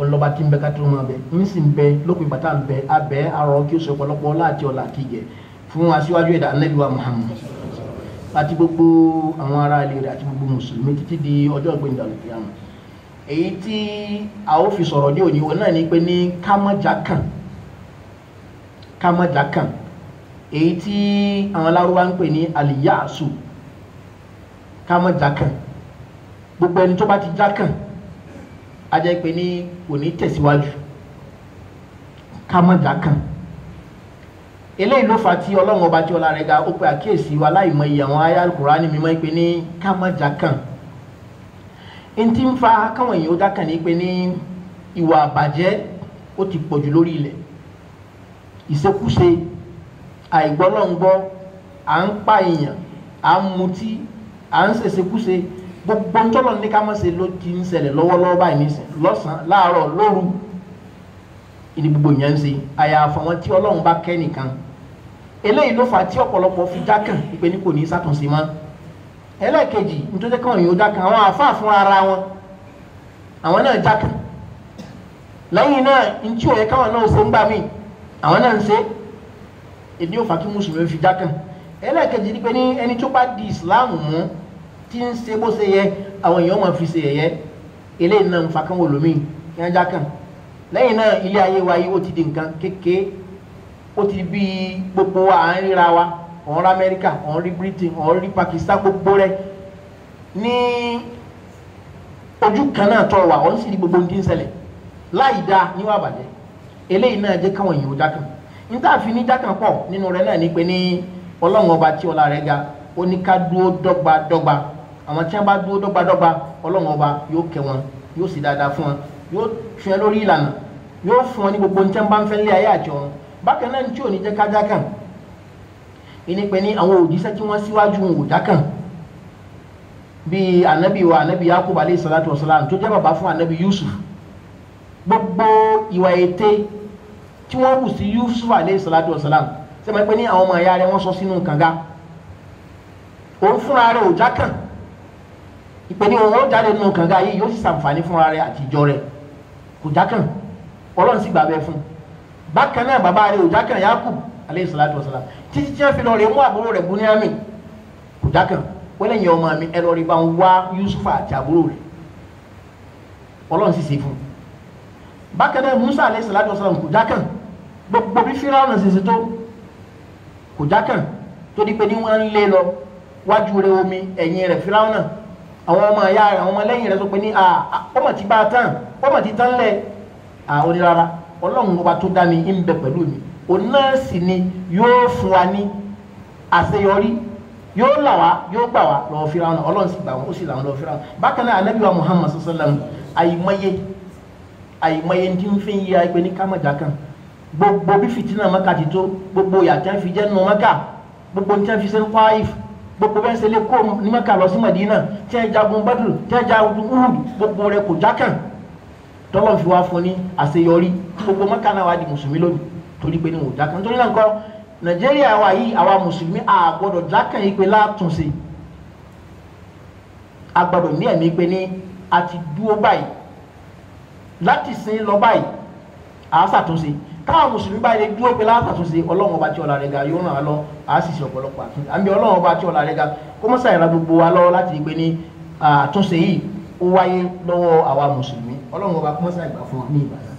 ọlọ́ba tí ń bẹ kátó máa bẹ ń sì ń bẹ lópin bàtà ń bẹ abẹ arọ kí o sọ ọ̀pọ̀lọpọ̀ láti ọlà àtijẹ fún aṣíwájú ẹ̀dá anẹlúwa Muhammad àti gbogbo àwọn ará ilé rẹ̀ àti gbogbo mùsùlùmí títí di ọjọ́ ìgbẹ̀yìn dàlùkì àmọ èyí tí a ó fi sọ̀rọ̀ ní òní wọn náà ni pé ní kámọjákàn kámọjákàn èyí tí àwọn alárúbá ń pè ní àlìyáàsù kámọjákàn gbogbo ẹni tó bá ti jákàn a jẹ́ pé ní òní tẹ̀síwájú ká mọ̀ dákàn eléyìí ló fa tí ọlọ́run ọba tí ọlá rẹ̀ ga ó pe àkíyèsí wa láì mọ iye àwọn aya Al-Qur'ani mímọ́ pé ní ká mọ̀ dákàn ntí ń fa káwọn èèyàn ó dákàn ní pé ní ìwà àbàjẹ́ ó ti pọ̀jù lórí ilẹ̀ ìṣekúṣe àìgbọ́lọ́ngbọ́ à ń pa èèyàn à ń mutí à ń ṣèṣekúṣe gbogbo ntọ́lọ̀ ní ká má ṣe ló ti ń ṣẹlẹ̀ lọ́wọ́lọ́wọ́ báyìí nísìn lọ́sàn-án láàárọ̀ lóru ìdí gbogbo yẹn ń ṣe àyàfọ̀ wọn tí ọlọ́run bá kẹ́ nìkan eléyìí ló fà á tí ọ̀pọ̀lọpọ̀ fi dákàn ìpè ní kò ní sàtúnṣe mọ́ ẹlẹ́ẹ̀kejì nítorí kan òyìn ó dákàn àwọn àáfàá fúnra ara wọn àwọn náà dákàn lẹ́yìn náà ntí òye káwọn náà ṣe ń gbà mí àwọn náà ń se èdè òfà kí mùsùlùmí fi dákàn ẹlẹ́ẹ̀kejì ni pé ní ẹni tó bá di ìsìláàmù mú tí ń ṣe bó ṣe yẹ àwọn èèyàn máa fi ṣe yẹ̀yẹ́ eléyìí náà ń fa kán olómi kí wọ́n já kàn lẹ́yìn náà ilé ayé wa yìí ó ti di nǹkan kékeré ó ti bí gbogbo wa à ń ríra wa ọ̀n rí Amẹ́ríkà ọ̀n rí Britain ọ̀n rí Pakistan gbogbo rẹ̀ ní ojú kan náà tọ̀ wá ọ̀n sì rí gbogbo ohun tí ń ṣẹlẹ̀ láì dáa níwá àbàjẹ́ eléyìí náà jẹ́ káwọn èèyàn ó já kàn níta fi ní jákàn pọ̀ nínú rẹ̀ náà ní pé ní ọlọ́run ọba tí ọlá rẹ̀ ga ó ní ká dúró dọ́gba dọ́gba àwọn tí wọ́n bá dúró dọ́gbadọ́gba ọlọ́run ọba yóò kẹ́ wọn yóò sì dáadáa fún wọn yóò fi wọn lórí ìlànà yóò fún wọn ní gbogbo nǹkan bá ń fẹ́ lé ayé àti ọ̀run bákan náà tí ò ní jẹ́ kájá kàn ìní pẹ̀ ní àwọn òjíṣẹ́ tí wọ́n síwájú wọn ò bíi anabi wa anabi yakub alayhi salatu wa salam tó jẹ́ bàbá fún anabi yusuf gbogbo ìwà ète tí wọ́n kù sí yusuf alayhi salatu wa salam sẹ́mi pé ní àwọn ọmọ ẹ̀yà rẹ̀ wọ́n sọ sínú kànga òun fúnra rẹ̀ ò dákàn ìpèní owó jáde nínú kànga yìí yóò sì ṣàǹfààní fúnra rẹ̀ àti ìjọ rẹ̀ kò jákàn ọlọ́run sì gbàgbẹ́ fún un bákan náà bàbá rẹ̀ ò jákàn Yakub aleyhi salatu wa salam títí tí wọ́n fi lọ rè mú àbúrò rẹ̀ Bùnìyámì kò jákàn wọ́n lẹ́yìn ọmọ mi ẹ lọ rí bá ń wá Yusuf àti àbúrò rẹ̀ ọlọ́run sì ṣe fún un bákan náà Musa aleyhi wa salam kò jákàn gbogbo bí Fíráúnà ṣe ṣe tó kò jákàn tó di pé ní wọ́n ń lé lọ wájú rẹ̀ omi ẹ̀yìn rẹ̀ Fíráúnà àwọn ọmọ ìyá rẹ̀ àwọn ọmọ lẹ́yìn rẹ̀ tó pe ní ọmọ ti bá a tán ọmọ ti tán lẹ̀ onírara ọlọ́run ọba tó dá mi ń bẹ pẹ̀lú mi òun náà sì ni yóò fún wa ní àṣeyọrí yóò là wá yóò gbà wá lọ́wọ́ fira wọn ọlọ́run sì gbà wọn ó sì là wọn lọ́wọ́ fira wọn bákan náà anabi wa muhammad sallam àyìmọye àyìmọye ti ń fi yíya ẹgbẹ́ ní kámẹ́jà kan gbogbo bí fìtínà mọ́ka ti tó gbogbo yàtí wọn fi jẹ́ nù mọ́ka gbogbo tí wọn fi sẹ́nu kwaif gbogbo bẹ́ẹ̀ ṣe lè kó ní mẹ́ka lọ sí mẹ́dínà tí ẹ jagun Badru tí ẹ jagun Uhud gbogbo rẹ kò jákàn tọ́lọ́ fi wá fún ní àṣeyọrí gbogbo mẹ́ka náà wá di mùsùlùmí lónìí torí pé ní wọn ò jákàn nítorí náà nǹkan Nàìjíríà wa yìí àwa mùsùlùmí àgbọ̀dọ̀ jákàn yìí pé látúnṣe agbọ́dọ̀ ní ẹ̀mí pé ní a ti dúró báyìí láti sin lọ báyìí àá ṣàtúnṣe káwọn mùsùlùmí bá yẹ dúró pé látàtúnṣe ọlọ́run ọba tí ọ̀la rẹ̀ ga yóò ràn án lọ á sì ṣe ọ̀pọ̀lọpọ̀ àtúnṣe àmì ọlọ́run ọba tí ọ̀la rẹ̀ ga kó mọ́ sàyẹ̀ra gbogbo wa lọ́wọ́ láti gbé ní àtúnṣe yìí ó wáyé lọ́wọ́ àwa mùsùlùmí ọlọ́run ọba kó mọ́ sàyẹ̀gbà fún wa ní ìbàdàn.